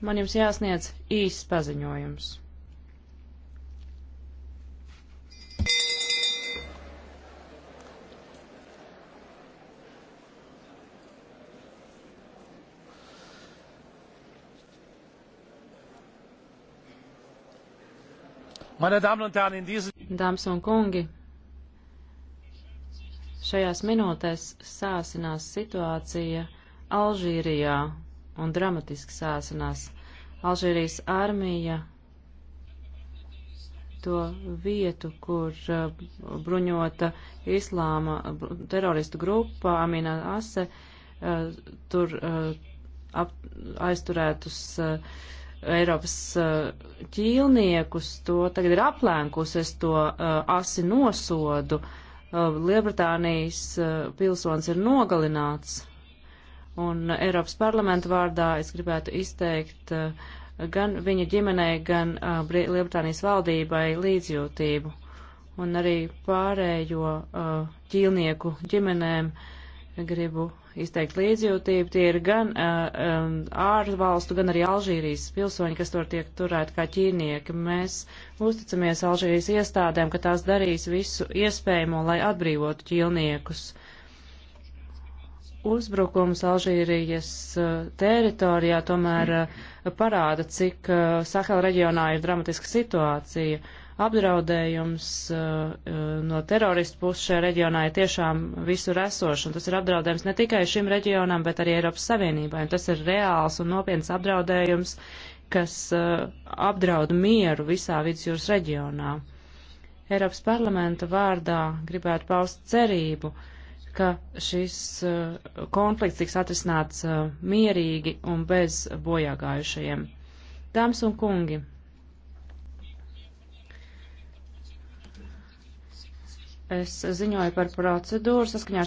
man jums jāsniedz īsts paziņojums. Dāmas un kungi, šajās minūtēs sāsinās situācija Alžīrijā un dramatiski sāsinās. Alžīrijas armija to vietu, kur uh, bruņota islāma teroristu grupa Amina Ase uh, tur uh, ap, aizturētus Eiropas ķīlniekus, to tagad ir aplēnkus, es to asi nosodu. Lielbritānijas pilsonis ir nogalināts Un Eiropas parlamenta vārdā es gribētu izteikt eh, gan viņa ģimenei, gan eh, Lielbritānijas valdībai līdzjūtību un arī pārējo eh, ķīlnieku ģimenēm gribu izteikt līdzjūtību. Tie ir gan uh, ārvalstu, gan arī Alžīrijas pilsoņi, kas tur tiek turēti kā ķīnieki. Mēs uzticamies Alžīrijas iestādēm, ka tās darīs visu iespējamo, lai atbrīvotu ķīlniekus. Uh, uzbrukums Alžīrijas eh, teritorijā tomēr eh, parāda, cik eh, Sahela reģionā ir dramatiska situācija. Apdraudējums no teroristu puses šajā reģionā ir tiešām visur esošs, un tas ir apdraudējums ne tikai šim reģionam, bet arī Eiropas Savienībai, un tas ir reāls un nopietns apdraudējums, kas apdraud mieru visā vidusjūras reģionā. Eiropas parlamenta vārdā gribētu paust cerību, uh, ka šis uh, konflikts tiks atrisināts uh, mierīgi un bez bojāgājušajiem. Dāmas un kungi, es ziņoju par procedūru saskaņā